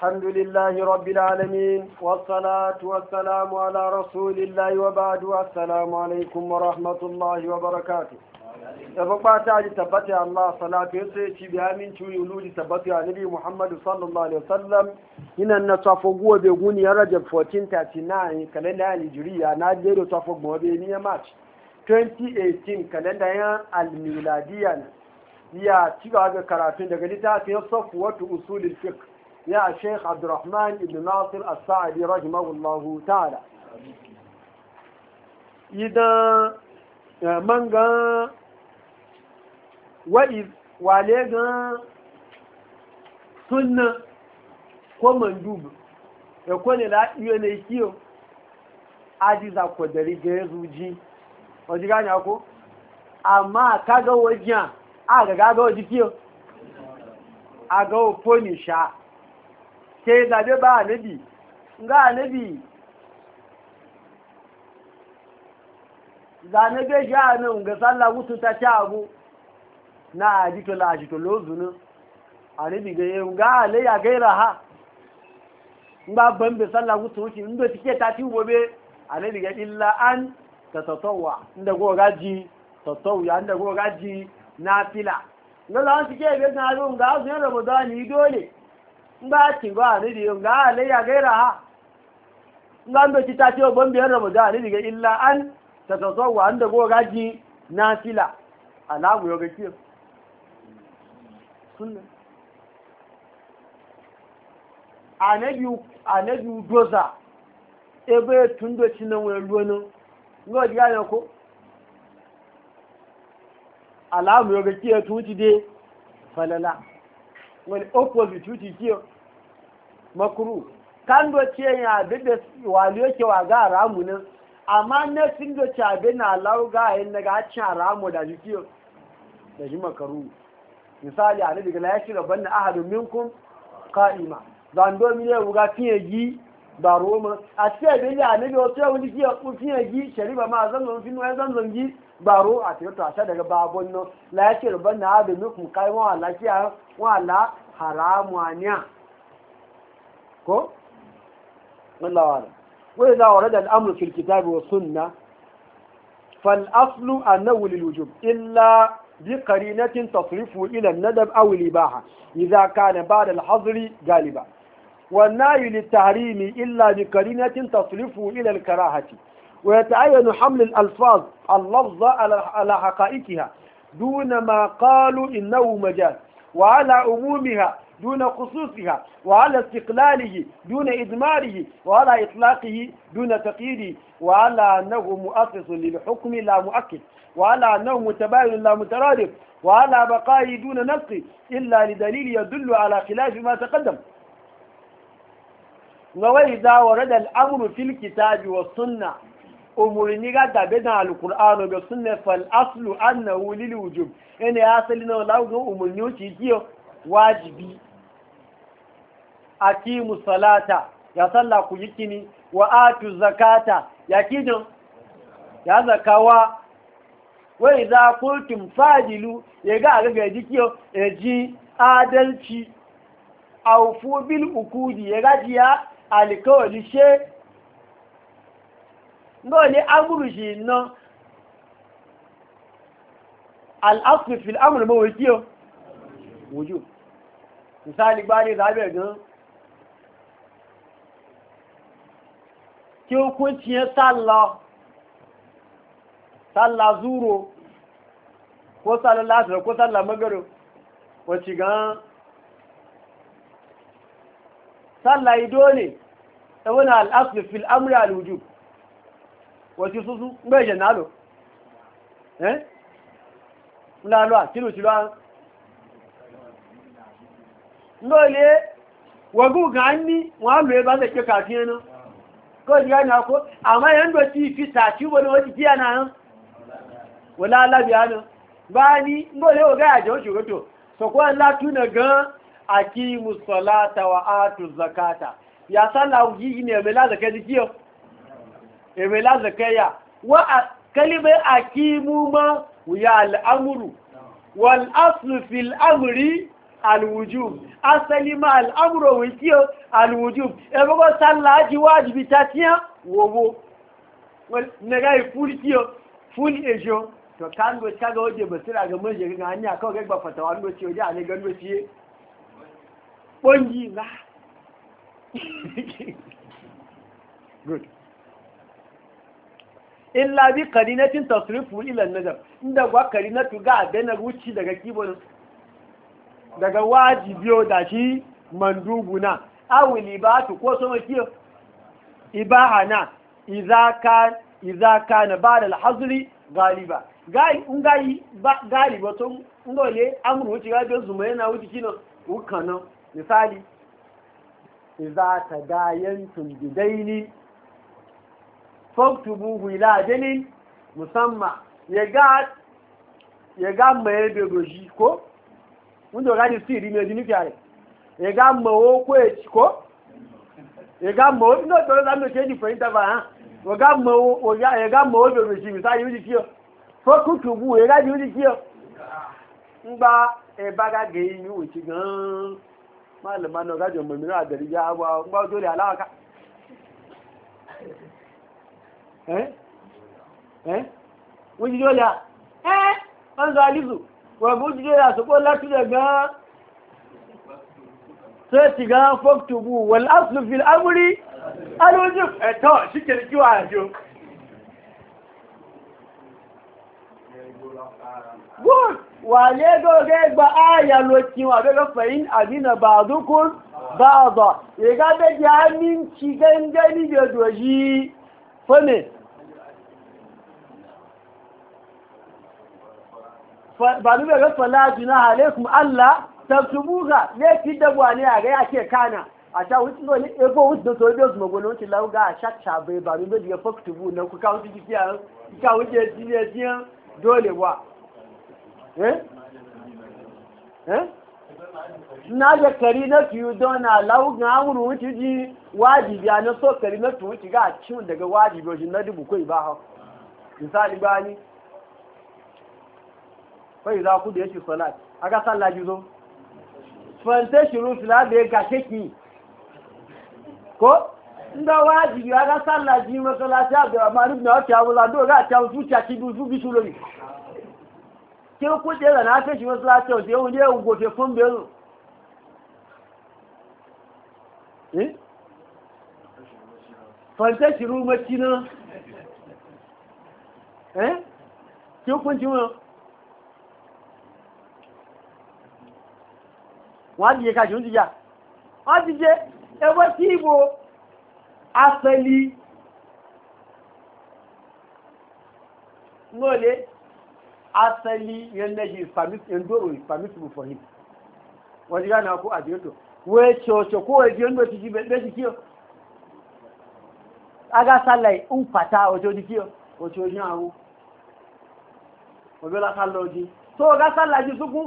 الحمد لله رب العالمين والصلاة والسلام على رسول الله وبعد السلام عليكم ورحمة الله وبركاته tabbat ta ji tabbata Allah salatu ya sai ci min ci yuluji tabbata ya nabi Muhammad sallallahu alaihi wasallam ina na tsafo guwa be guni ya Rajab 1439 kalenda ya na je 2018 kalenda ya al ya ci ga karatun daga littafin Safwatu usulil Fiqh يا شيخ عبد الرحمن Nasir ناصر الساعدي رحمه الله تعالى إذا من قال وإذ وعليه sunna ko mandubu ya kone da iyo ne kiyo ajiza ko dari ga ya zuji waje gani ako amma kaga wajen a ga gaga waje kiyo a ga ofoni sha ke zabe ba anabi nga anabi zane be ja nan ga sallah wutu ta cagu na ajito la ajito lozunu anabi ga yau ga ale ya gaira ha ngba ban be sallah wutu wuci ndo tike ta ti bobe anabi ga illa an tatatawwa inda go gaji tatawya inda go gaji nafila ngala an tike be na ro ga azu ramadan ni dole nga ci ba ni di nga alayya gaira ha nga ndo ci ta ci o bon biyar ramadan ni diga illa an ta ta so wa anda go gaji na fila ala go yoga ki sunna anabi anabi doza ebe tundo ci na we luono ngo diga na ko ala go yoga ki e tuti de falala wani opposite wuce kiyo makuru kan doce ya abin wali yake wa ga ramu nan amma na sun doce abin na lauga yin daga cin ramu da jikiyo da ji makaru misali a daga na ya shiga banna ahadun minkum ka'ima domin ya wuga fiye gi ba roma a cikin abin da a nabi wasu yawon jikiyo fiye gi shari'a ma zanzan zanzan gi baro a tiyarta a daga babon nan la ya ce rubar na abin nufin kai wa lafiya wa la haramu ko? Allah wa wani za wa radar kirkita bi wa sunna fal aslu annahu lil wujub illa bi qarinatin tasrifu ila an-nadab aw al baha, idha kana ba'da al-hadri galiba wa nahyu lit-tahrimi illa bi qarinatin tasrifu ila al-karahati ويتعين حمل الألفاظ اللفظ على حقائقها دون ما قالوا إنه مجاز وعلى عمومها دون خصوصها وعلى استقلاله دون إدماره وعلى إطلاقه دون تقييده وعلى أنه مؤسس للحكم لا مؤكد وعلى أنه متباين لا مترادف وعلى بقائه دون نسق إلا لدليل يدل على خلاف ما تقدم وإذا ورد الأمر في الكتاب والسنة umarni ga dabe da alkur'ano ga sunna fal aslu annahu lil wujub ene asali na lawo ga umarni wuce kiyo wajibi aqimu salata ya salla ku yikini wa atu zakata ya kido ya zakawa wa idza qultum fadilu ya ga ga ga e ji adalci awfu bil ukudi ya ga jiya alkawli she ngo ni amuru shi no al asfi fil amru ma wajiyo wuju misali gbari da be gan ki o ku ti e sala sala zuro ko sala lasa ko sala magaro ko ci gan sala idole ta wani al'asli fil amri al-wujub wọ̀tí súsú gbé ìṣẹ̀ náà lò ẹ́ ńláàlọ́ àtìlù tìlọ́ ló ilé wọ̀gún gan ní wọ́n a lò ẹbá lè ṣe kàfí ẹnu kó na ẹni àkó àmọ́ ẹ̀ ń lò tí ìfi tààtí wọn ni wọ́n ti díẹ̀ náà gan wa zakata ebe la zakaya wa kalibai akimu ma ya al'amuru wal aslu fil amri alwujub asali ma al'amuru wikiyo alwujub ebe ko sallaji wajibi ta tiya wowo nega ifuri kiyo ful ejo to kan go ta ga oje basira ga manje ga hanya kawai ga gba fatawa ndo ciyo ja ne gando ciye bonji na good illa bi karinatin tasrifu ila nazar inda gwa karinatu ga adana ruci daga kibon daga biyo da shi mandubuna awu libatu ko so makiyo ibahana idza kan idza na ba'da al galiba gai gai ba galiba to ngole amru wuce ga bezu mai na wuci kino ukana misali idza tadayantum bidaini faktubuhu ila ajalin musamman ya ga maye begoji ko wanda ga ji siri mai jini fiye ya ga mawo ko ya ci ko ya ga mawo ina tsoro za mu ce ji fahimta ba ha ya ga mawo begoji misali yi kiyo faktubuhu ya ga ji e yi kiyo n ba ẹbára gẹ̀ẹ́ yíò ti gan-an máa mọ̀míràn àgbẹ̀rẹ̀ yá wa ń gbá tó lè aláwọ̀ká Eh? Eh? wọ́n jíjọ́ yà ẹ́ eh? wọ́n sọ alìsù wọ́n bú jíjọ́ yà sọ́pọ̀ látúrẹ̀ gan-an tó ti gan fọ́kùtùbù wọ́n lásìlú fi amúrí alójú ẹ̀tọ́ síkèrè kí wà àjò good wà lẹ́gọ́gẹ́ gba ayà ló ti wà lọ́lọ́ fẹ̀yìn àdínà bá àdúkún bá àbà ìgábẹ́jì á ní ṣi gẹ́gẹ́ níbi ọdọ̀ yìí fẹ́mẹ̀ ba nube ga falatu na alaikum Allah tabtubuha ne ki dabwa ne a ga yake kana a ta wuce no ne ego wuce da sojo su magono wuce lawo ga shakta bai ba nube da faktubu na ku ka wuce kiya ka wuce jiya jiya dole wa eh eh na ga kari na kiyu dona lawo ga amuru wuce ji wajibi na so kari na tu wuce ga cin daga wajibi shi na dubu kai ba ha misali bani fai za ku da yake salat aka sallah jizo fanta shiru fila da ya gashe ki ko inda wajibi aka sallah ji masallaci abdurrahman ibn wata ya wula do ga ta zuciya ki du bi su lori ke ku je da na ta shi masallaci da yau ne ugo te fun be eh fanta shiru ma makina eh ke kun ji mu wọ́n á dìje káṣí ń dìjà wọ́n dìje ẹwọ́ tí ìbò asẹ́lì nọ́ọ̀lẹ́ asẹ́lì yẹn lẹ́yìn ìfàmìtìbò ìfàmìtìbò for him wọ́n ti gánà kó àdéhùn wọ́n ti ọ̀ṣọ̀ kó èdè ń lọ́ti jí bẹ́ẹ̀ ti kí ọ agásálẹ̀ ń pàtà ọjọ́ di kí ọ ọjọ́ ojú àwọn ọjọ́ lásán lọ́ọ́ di tó agásálẹ̀ ajú sókún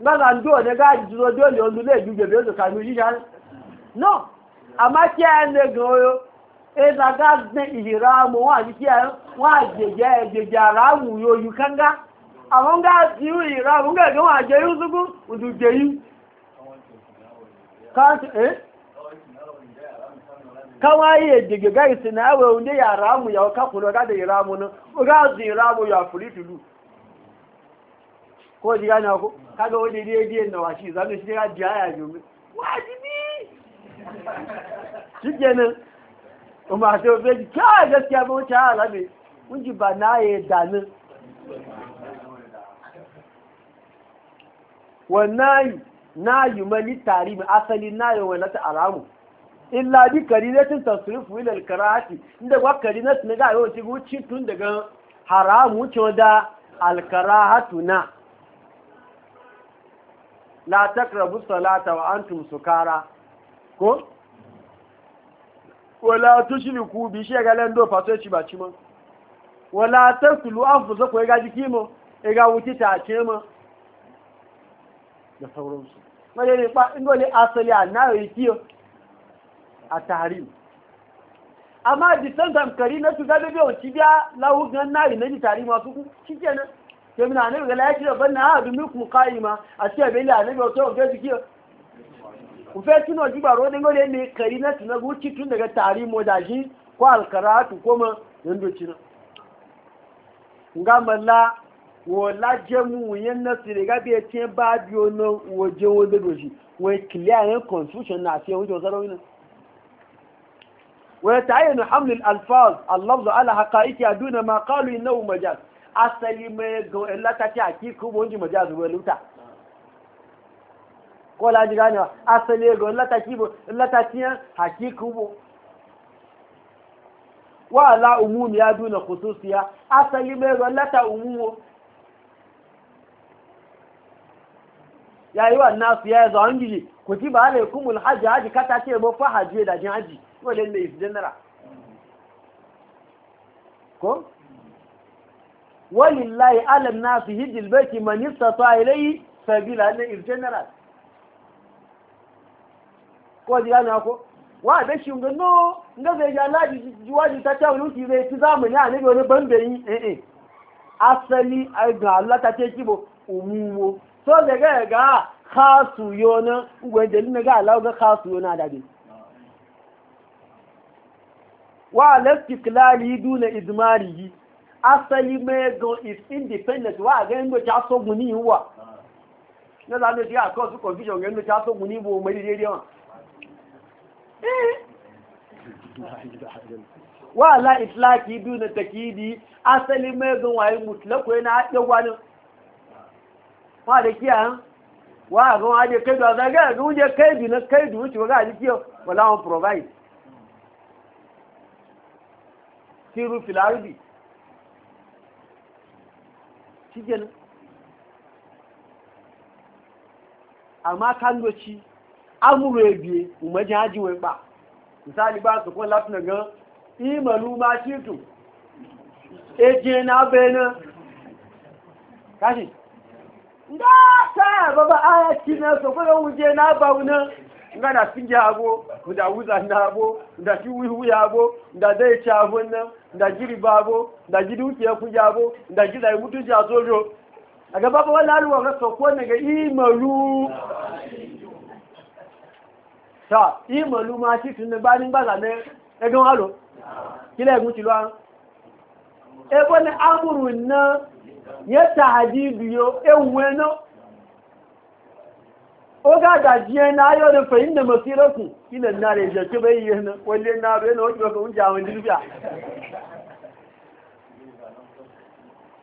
gbára na ọ̀nẹ́gá ìdúró dóòlì olúlé ìlú gbèbè ó lòkà ní yíyá náà àmá kí ẹ lè gan oyo ẹ̀dàgá e gbé ìhìrá ọmọ wọn àti kí ẹ wọn àjèjẹ ẹ̀jèjẹ ara wù yóò kánga àwọn ń gá ti rú ìhìrá wọn àjẹ yóò súnkú yìí káwọn ayé èdègè gáìsì náà ẹwẹ̀ òun yàrá yàwó ko ji na ko kaga wani rediyon na washi zanen shi ya ji haya jomi wajibi shi kenan umar sai be ji kawai gaskiya ba wuce hala ne Mun ji ba na ya dani wannan na yi mali tari mai asali na yi wani ta alamu illa bi karinatin tasrifu ila alkarahati inda kwa karinatin na ga yau ci gucci tun daga haramu ce da alkarahatu na la takrabu salata wa antum sukara ko wala tushriku bi shagalan lendo fato ci ba ci mo wala taslu ko ga jiki mo e ga wuti ta ce mo da sauransu ma dai ba ingo ne asali an na yi kiyo a tarihi amma di santam kari na su gabe biyo ci biya lahu gan na yi na ji tarihi su ku shi kenan sai muna ne ga lafi da banna ha dumi ku qaima a ce be da ne ga to ga jiki ku fe tuno ji baro ne ngole ne kari na tuna guci tun daga tari mo da shi ko alkaratu ko ma yando cina nga malla wala jemu yen na sire ga be tin ba bi ono wo je wo de doji wo clear en confusion na se wo zaro ina ويتعين حمل الألفاظ اللفظ على حقائقها دون ما قالوا إنه مجاز asali mai ga lakaci a kiku bonji maji a zuwa luta ko laji ganewa asali ga lakaci bo lakaci hakiku bo wa ala umumi ya duna kususiya asali mai ga lata umumo ya yi wa nasu ya zo an gidi ku ki ba ne kumul hajji hajji kata ce ba fa hajji da jin hajji wale ne is general ko walillahi alam nasu hijil baki man yastata ilayhi sabila na in general ko ji ana ko wa da shi ga no ga zai ya laji waji ta ta wani ki zai ci zamani a nabi wani bambe yi eh eh asali ai ga Allah ta ce ki kibo umumo so da ga ga khasu yona ne ga Allah ga khasu yona da bi wa lastiklali duna izmarihi asali mai is independent wa ga yin doki aso wa na za ne a cause confusion ga yin doki aso guni bo mai wa eh. wa la itlaki du na takidi asali mai go wa yi mutlako yana haɗe wani wa da kiya wa ga wa da kaidu a zaga ga wuje kaidu na kaidu wa ga ji kiyo wala on provide siru filarbi cikin amma kan doci amuru ebie biye ji hajji wai ba misali ba su latin ga imalu ma shitu eje na benin kashi nda baba aya ci na su wuje na bauna nga da singe abo da wuza na abo da ki wihu ya abo da jiri ba abo da jiri uti ya kuja abo da jiri da mutu ja zojo daga baba wala alwa ga so ko ne ga imalu ta imalu ma ti tun ba ne e gan kile egun ti lo amuru na ye tahdidu yo e wena ko ga gajiye na yau da fahimta masirarsu ina na da yake bai yi yana wale na bai na wajen wakon jawon jirbiya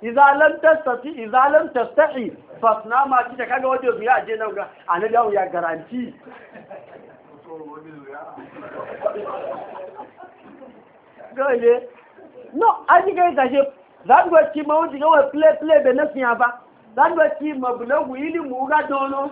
izalam tastafi izalam fasna ma kika kaga wajen zuya je nan ga ana dawo ya garanti gole no aji ga gaje zan go ki mawo wajen wa play play da siya ba zan go ma mablagu ilimu ga dono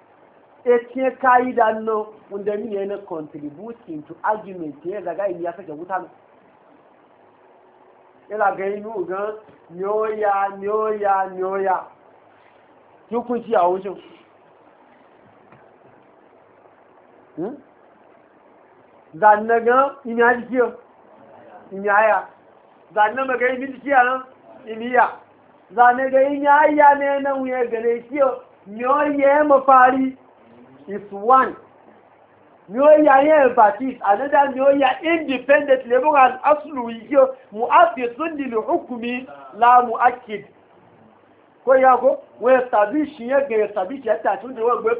etinye ka'ida nan wanda mini yana contributing to argument ya zaga ini ya sake wuta ila ga inu gan nyoya nyoya nyoya yukun ci a wucin hmm? zanna gan imi haji kiyo imi haya zanna maga imi kiyo nan imi ya zanna ga ya ne gane kiyo ma fari. is one ni yẹn batis ni independent level and mu afi hukumi la akid wọ́n establish yẹn gẹ̀ establish yẹn tà tún wọ́n gbé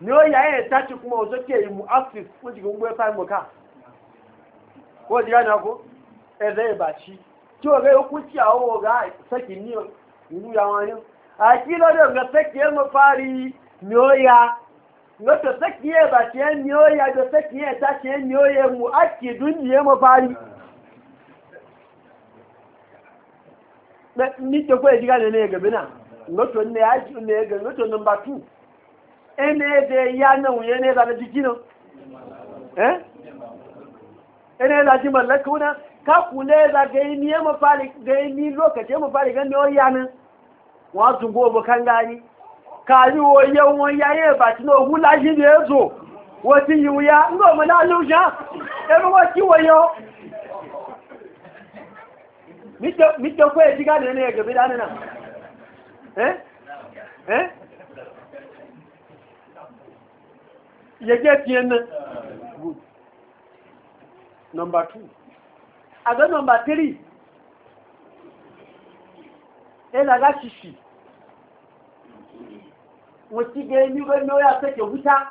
ni yẹn kuma òsókè yìí mu afi ti gbé báyìí mọ̀ká akilo da ga sakiye mu fari nyoya ngoto sakiye ba ce nyoya da sakiye ta ce nyoye mu aki duniye mu fari ni ke ko ediga ne ga bina ngoto ne ya ji ne ga ngoto number 2 ene de ya na uye ne da jikino eh ene da ji mallaka una ka kule da ga ni mu pali ga ni lokaci mu fari ga nyoya na? wọ́n tún gbogbo kangani kàrí oyé wọn yáyé ìbàtí náà ogun láyé ní èzò wọ́n ti yíwu ya ń gbọ́ mọ́lá lóṣá ẹgbẹ́ wọ́n tí wọ́n yọ mítọ́kọ́ ẹ̀ jígá nínú ẹgbẹ̀ bí dánínà yẹgẹ́ tí ẹ ná good number two àgbẹ́ number three ẹ̀ lára ṣìṣì wacce ya yi gano ya sake wuta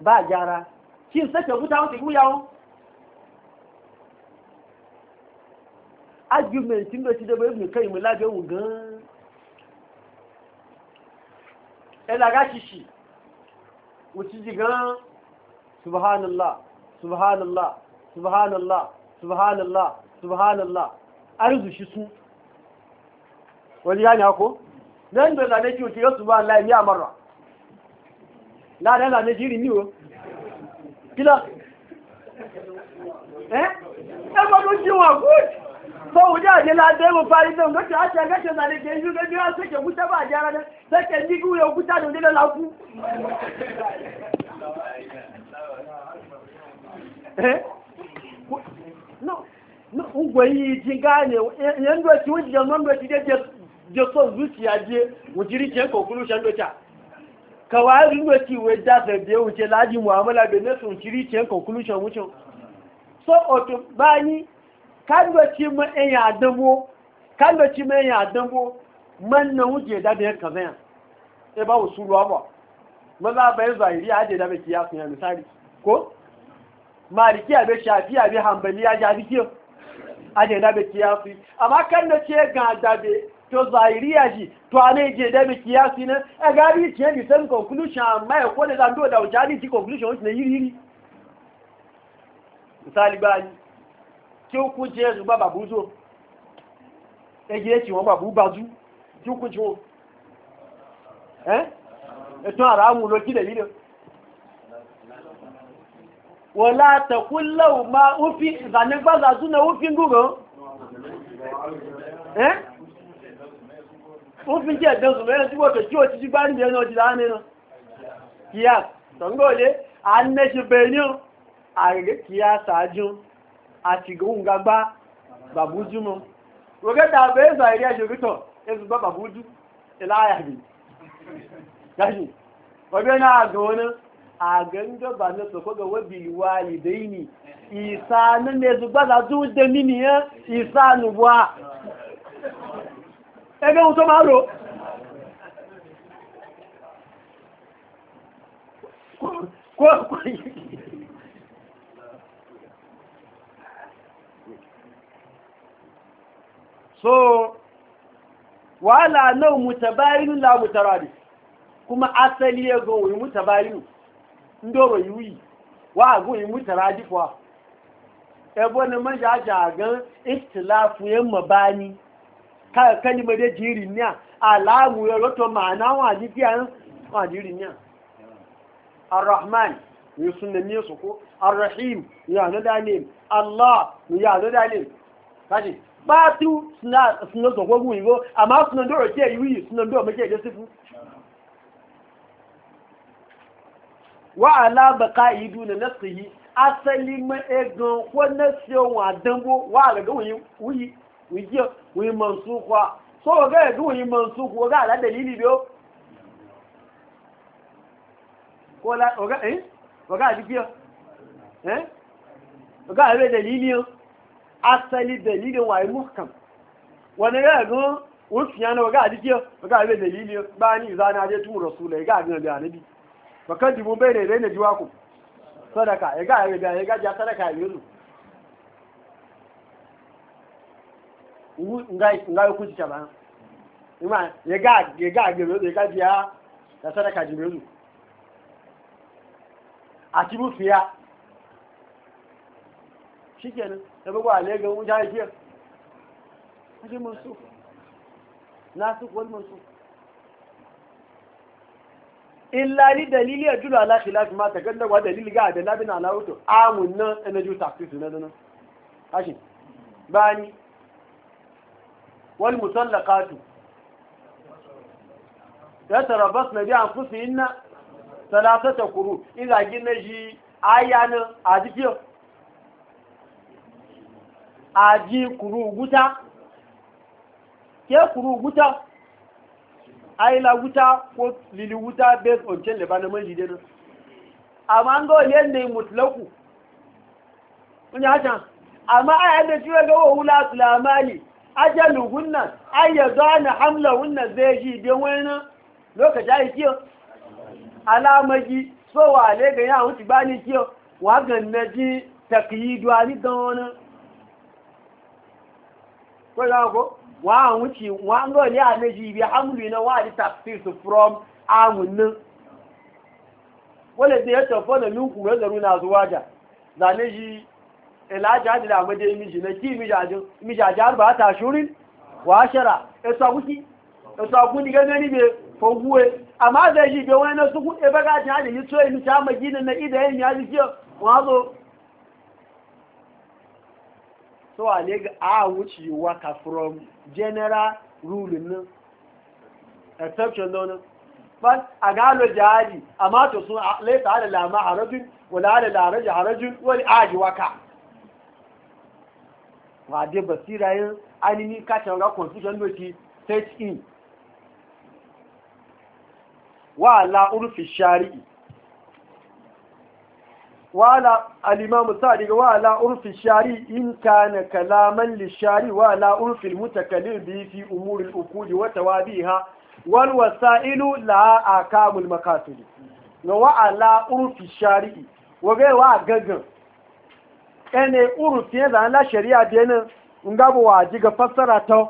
ba gyara shi sake wuta wata yi yawon argumentin da ti dabe ibn kai mulabe wugan elaga shishi wuci jigan subhanallah subhanallah subhanallah subhanallah subhanallah arzu shi su wani gane ko nan da zane ki wuce ba Allah ya marra la da zane jiri ni o kila eh e ba don ji wa good so wuje aje la de mo pari don go ti acha ga se zane ke ju ga bi wa se ke guta ba jara ne se ke ni ku yo guta don de la ku eh no no ugwe yi jinga ne ti wuje non do ti de je son zuciya je wujiri ke conclusion docha kawai lokaci wai da da biye wuce laji mu'amala da ne sun kiri ke conclusion wuce so o oto bani kan doci mu en ya dabo kan doci mu en ya dabo man na wuce da da kaza ya e ba usulu aba maza bai zahiri a je da bai kiyasu ya misali ko maliki abe shafi abe hanbali ya jabi a aje da bai kiyasu amma kan da ce ga da bai to zahiriya shi to ane je da mi kiyasi na a gari ce bi san conclusion amma ya kone zan do da wajali ji conclusion wacce na yiri yiri misali bani ki ku je zu baba buzo e je ti won babu bazu ki ku jo eh e to ara mu lo ki de video wala takul law ma ufi zanin bazazu na ufi ngugo eh ó fi jẹ́ ẹ̀dẹ́ sùn mẹ́rin tí wọ́n tẹ̀ tí ó ti ti bá ní ẹnu ọjọ́ láàrin nínú kíá tọ́ngọ́lé anẹ́ṣẹ́bẹ̀ ní àrẹ̀gẹ́ kíá sàájú àti góngagbá bàbújú mọ́ rọ̀gẹ́ta abẹ́ẹ̀sà ìrẹ́ ẹ̀ṣẹ̀rítọ̀ ẹ̀sùn bá bàbújú ìláyàbì yáṣì ọgbẹ́ náà gan-an àgẹ́ ń dọ́bà ní sọ̀kọ́gọ̀ wẹ́bì ìwà ẹgbẹ́ ohun tó máa rò so wàhálà náà mutabarinu la mutarari kuma asali ya zo yi mutabarinu ndoro yuyi wa agun yi mutaradi fuwa mabani ka kalima da jiri ni alamu ya roto ma'ana wa ji kiyan wa jiri ni ar-rahman yi sunna ne su ko ar-rahim ya na ne allah ya na dane kaji ba tu suna suna so gun yo amma suna do ke yi suna do make da sifu wa ala baqa'i duna nafsihi asali ma egan ko nasiyo wa dambo wa ga wuyi wí mọ̀nsúkwa sọ́wọ́ gẹ́gẹ́ tó wí mọ̀nsúkwa ọgá àládẹ̀ yìí nìbí ó ọgá àdíkí ọ ọgá àrẹ dalili ọ asẹ́lì dẹ̀lìlì wà ní mọ́kàn wọ́n rẹ̀ gan wọ́n fi hàn ọgá àdíkí ọgá àrẹ dẹ̀lìlì ọ bá ní ìzáná ajé tún rọ̀ súlẹ̀ ẹgá àgbẹ̀ ọ̀dẹ̀ àníbí bọ̀kẹ́ dìbò bẹ́ẹ̀ rẹ̀ sọ́dọ̀kà ẹgá àrẹ̀ bẹ̀rẹ̀ ẹgá jẹ́ sọ́dọ̀kà ìlú nga yi kuci ta ima ya ga agbèrè ya ga biya da sadaka jimelu a ti bu fiya shi kenan da e bugu a legan wujen haifiyar kujin masu nasu wani masu illa ni dalili ya jula ala khilafi ma tagaddawa dalili ga da labin ala wuto amun nan na ju tafisu na nan kashin bani wal musallaqatu yatarabasna bi anfusihinna salasata quru ila gina shi ayana ajiyo aji kuru guta ke kuru guta aila guta ko lili guta based on can lebanon man jide nan amma an ga wani yadda mutlaku kun yi haka amma a ga wa wula sulamani ajaluhunna ay yadana hamla zai ji bin wani lokaci ai kiyo alamaji so wa le ga ya wuce ba ni kiyo wa ganna ji takyidu ani don ko ya ko wa wuce wa ngo le anaji bi na wa di tafsir from amunnin wale zai ya tafi da min kuma zaruna zuwa da zane shi ilaja da lamade imiji na ki imiji ajar ba ta shurin wa shara esu aguki esu aguni gane ni be foguwe amma zai ji be wani na suku ebe ga ta da yitso imi ta magina na ida yin ya ji wa zo so a ne ga a wuce waka from general rule nan exception nan bas a gano jihadi amma to sun laisa ala lama harajin wani ala laraji harajin wani aji waka wade basira yin ainihin kacin ga constitution doki state in wa la urfi shari'i wa la al-imam sadiq wa shari'i kalaman li shari'i wa la urfi al fi bi uku umur al wa tawabiha wal wasailu la akamul maqasid wa la shari'i wa ga wa ene uru ya da la shari'a benin in wa ji ga fassara ta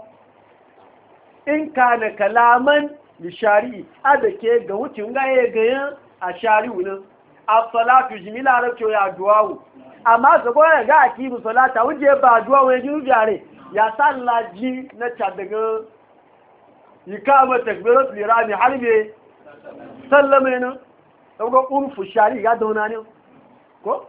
in ka na kalaman da shari'i a da ke ga wuce ga gayan a shari'u nan a salatu jimila rabce ya duwawu amma su ya ga a kibu salata wuce ba duwawu ya ji rubiyare ya sa laji na cadaga yi kama takbirat lirami harbe sallama yana ɗaukar urufu shari ga dauna ne ko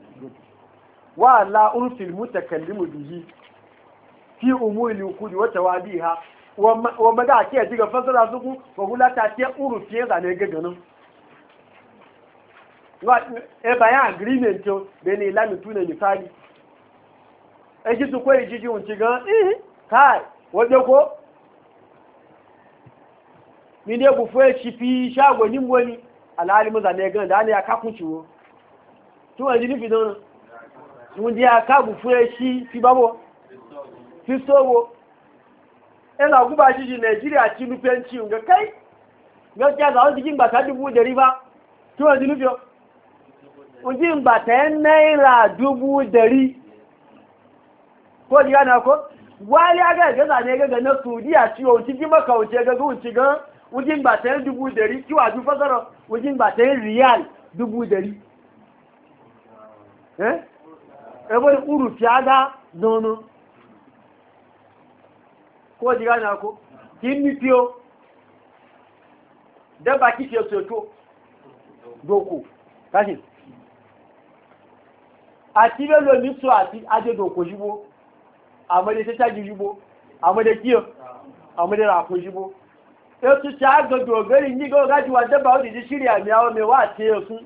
wa la unsil mutakallimu bihi fi umuri ukudi wa tawabiha wa maga ke diga fasara suku wa hulata ke urufi da ne gagano wa e bayan agreement to be ne la mitu ne misali e ji su ko e jiji un ti gan eh kai waje ko ni ne bu fe shi fi shago ni ngoni alhali mu zane gan da ne ya kakunci wo tun ajini fi don wunde akabu fure shi fi babo fi sowo ina guba shi shi nigeria ci nufin ci ga kai gaskiya za wasu jin ba ta dubu dari ba ki wani nufiyo jin ba ta yan naira dubu dari ko ji gana ko wali aga ga na saudiya ci wa cikin makawance ga zuwa ci ga wujin ba ta yan dubu dari ki wa ju fasara eh ebe uru fi ada zonu ko ji gani ako ki ni pio deba ki fi oto to doko kashi àti lelo ni so àti aje doko jibo amade se taji jibo amade kiyo amade ra ko jibo e tu ti agogo gori ni go gaji wa deba o di shiri ami awo ti ofun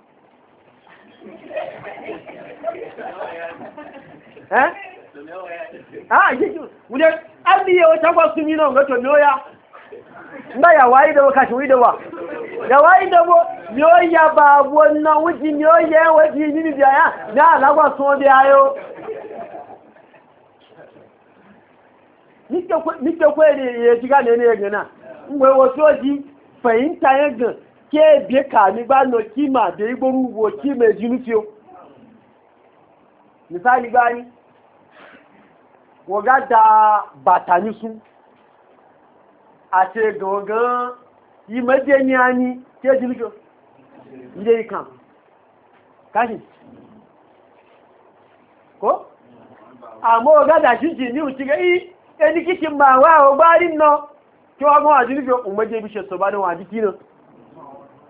eh ah yiki wule abi yo tagwa sun yi nan gato noya nda ya wai da waka shi da wa da wai da bo yo ya ba wannan wuji yo ya waji na lagwa so bi ayo nike kwere ya shiga ne ne ya gana mgbe wasu oji fahimta ya gana ke biye kami ba no kima da igboru wo kima ejinufiyo misali gani waga da batanisu a ce gangan yi majeniya ni ke jinufiyo ile ikan kashi ko? àmọ́ ọ̀gádà ṣíjì ní òṣìṣẹ́ yí ẹni kí ti máa wá ọgbárí náà kí wọ́n mọ́ àjílùfẹ́ òmọ́jẹ́ ibi ṣe sọ̀bá náà àjíkí náà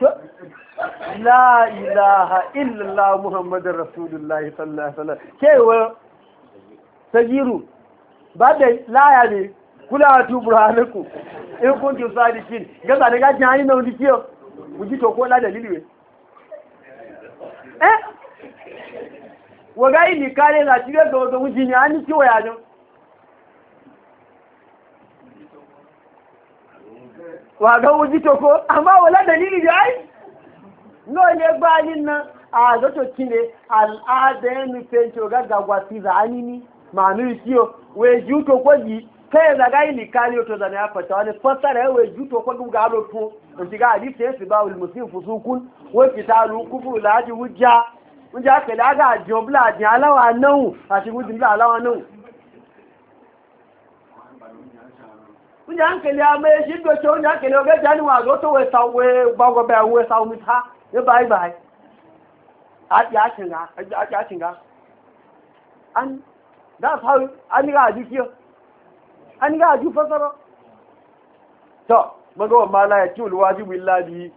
la ilaha illallah muhammadin rasulullah sallallahu alaihi kewa sagiru ba da laya ne kula tu burhanaku in kuntum sadiqin gaza da gaji hani na wani kiyo ji to ko la dalili we eh waga ili kare na tiga ga ga muji ne ani kiwo ya don wàgá ojú tó kó àmá wọlá dalili jẹ́ àì náà lè gbá ní na àgọ́tò kílẹ̀ al'adẹ́nu pẹ̀ntì ọ̀gá gàgbà ti rà á níní màánú sí o wèjú tó kó yìí kẹ́yẹ̀ zàgá yìí nìkan ní oṣù zàmì àfẹ̀tà wọn ni fọ́sára ẹ̀ wèjú tó kó gbogbo àlọ́ fún òṣìgá àdìsí ẹ̀sìn bá olùmùsí fùsùnkún wọ́n ti ta lu kúfùrù láàájú wújá wújá pẹ̀lú àgà àjọ bílà àjẹ́ aláwọ̀ anáwù àti wújì bílà aláwọ̀ anáwù wunye hankali ya mai shi doce wunye hankali ya gaji hannu wazo to wai sa wai gbagwa bai wai sa wumi ta ya bayi bayi aki akin ga aki akin ga an da sa an ga aji kiyo an ga aji fasara to maga wa mala ya ci wani wajibu illabi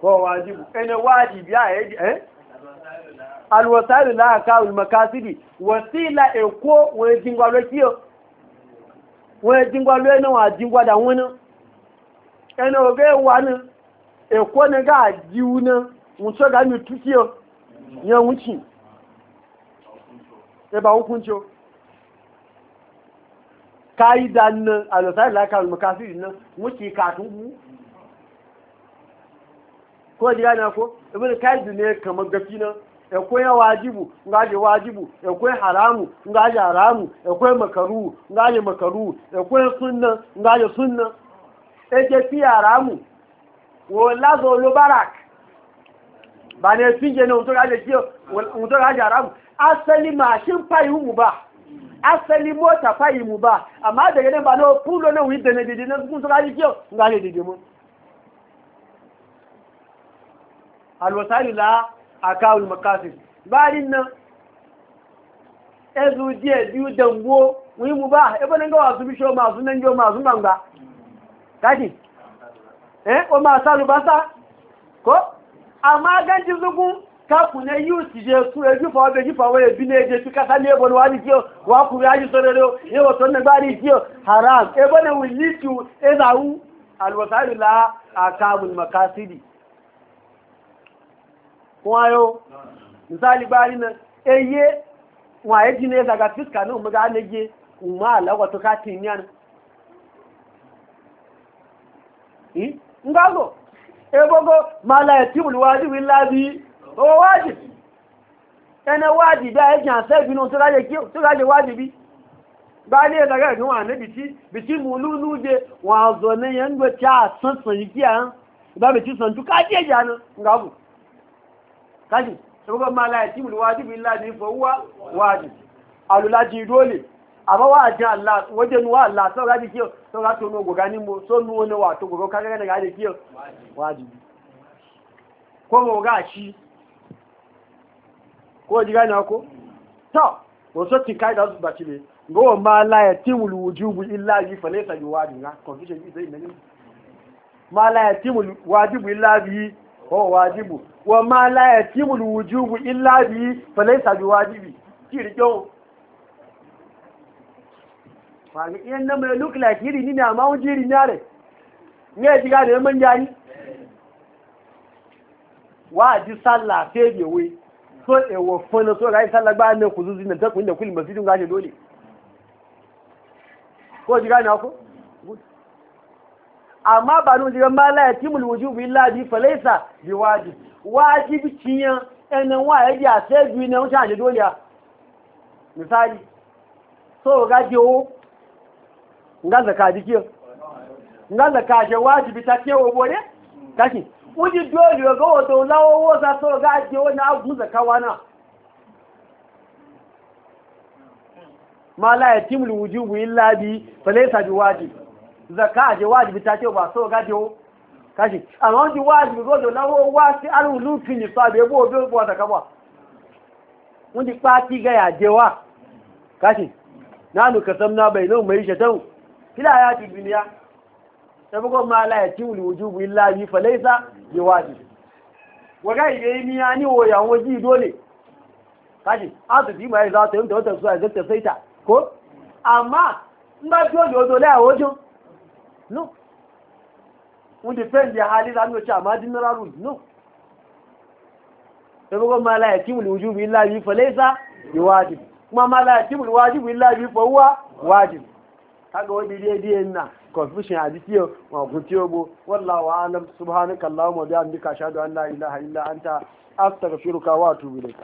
ko wajibu ene wajibi ya yi e, eh alwasalu la ka makasidi wasila eko wani jingwalo kiyo wọ́n jíngwá lóẹ́ náà wà jíngwá dà wọ́n náà ẹni ọ̀gá ẹwà náà ẹ̀kọ́ ní gáà jíwú tú sí ọ àlọ́sáì láìka wọ́n wú náà kó ẹbí ní ní ẹ̀kàn náà ekwe wajibu ngaje wajibu ekwe haramu ngaje haramu ekwe makaru ngaje makaru ekwe sunna ngaje sunna eje fi haramu wo lazo lo barak bane finje ne unto gaje kiyo unto gaje haramu asali mashin fayi mu ba asali mota fayi mu ba amma daga ne ba no pulo ne wi dene didi ne unto gaje kiyo ngaje didi mu alwasailu la akawul makasin bayanin nan ezu die biyu dambo wani mu ba ebe ga wasu bisho masu nan jo masu manga kaki eh o ma salu basa ko amma ganji zugun kapu na yiwu ti je su eju fa obe ji fa waye bi na eje tuka sa ni no wani tiyo wa ku ya ji sororo ye wo to na gba tiyo haram ebe wuli wi ezawu alwasailu la makasidi wọ́n yóò misali bá rí náà eye wọ́n àyè jí ní ẹ̀sà àgbà fíṣkà náà mọ́gá alẹ́gẹ ìmọ̀ àlọ́wọ́ tó ká tì ní àná ngágò egbogbo mala ẹ̀ tí olùwájú wí lábí owó wájì ẹnẹ wájì bí ayé jàn sẹ́ẹ̀bì náà tó rájẹ wájì bí bá ní ẹ̀sà àgbà ìgbìmọ̀ àná bìtí mú lúlú jẹ wọ́n àzọ̀ ní yẹn ń gbé tí a sán sàn yìí kí a ń ìbá bìtí sàn tú ká jẹ́ kashi shugaban ma la yatimul wajibi illa bi fa huwa wajib alulaji dole amma wa ajin Allah wajen wa Allah sau ga kiyo sau ga to no goga ni mo so nu wani wato goga ga shi ko ko da su ne ma la yatimul wujubu illa bi fa confusion bi ma ko wajibu wa ma la yatimu wujubu illa bi fa laysa biwajibi wajibi jo fa ni en na me look like kiri ni na ma wujiri jiri nyare ne ti ga de man jani wa ji sallah sai je we so e eh, wo fun so ga sallah ba ne ku zuzi na ta ku da kulli masjidin ga dole ko ji ga na ko amma ba nun jiga ma la yatimul wujub illa bi falaysa bi wajib wajibi tiyan enan wa yaji a sai bi ne wuta je dole misali so ga je o nga zaka dikiyo nga zaka je wajibi ta ke wo bore kashi uji dole ga wato lawo wo sa so ga je o na gu zaka wana ma la yatimul wujub illa bi falaysa bi wajib zaka aje wajibi ta ce ba so gaje o kashi Amma ti wajibi gojo lawo wa si aru lutu ni fa be bo be bo ta kabo mun di pati ga ya je wa kashi nanu kasamna bainu mai shatan kila ya ti duniya sabugo ma la ya ti wujubu illa yi fa laysa bi wajibi waga ile ni ani wo ya won ji dole kashi azu bi mai za ta yi da wata su ya zata saita ko amma in ba dole o dole wajen no wọ́n depend ya hali ránú ọ̀chá àmá general rule no máa láyé kí wùlù ojú bí láàbí fọ́lẹ́sà ìwádìí kuma máa láyé kí wùlù wájú bí láàbí wá wádìí kaga wani daidai na confusion a jiki wa guti obo wallawa alam la anta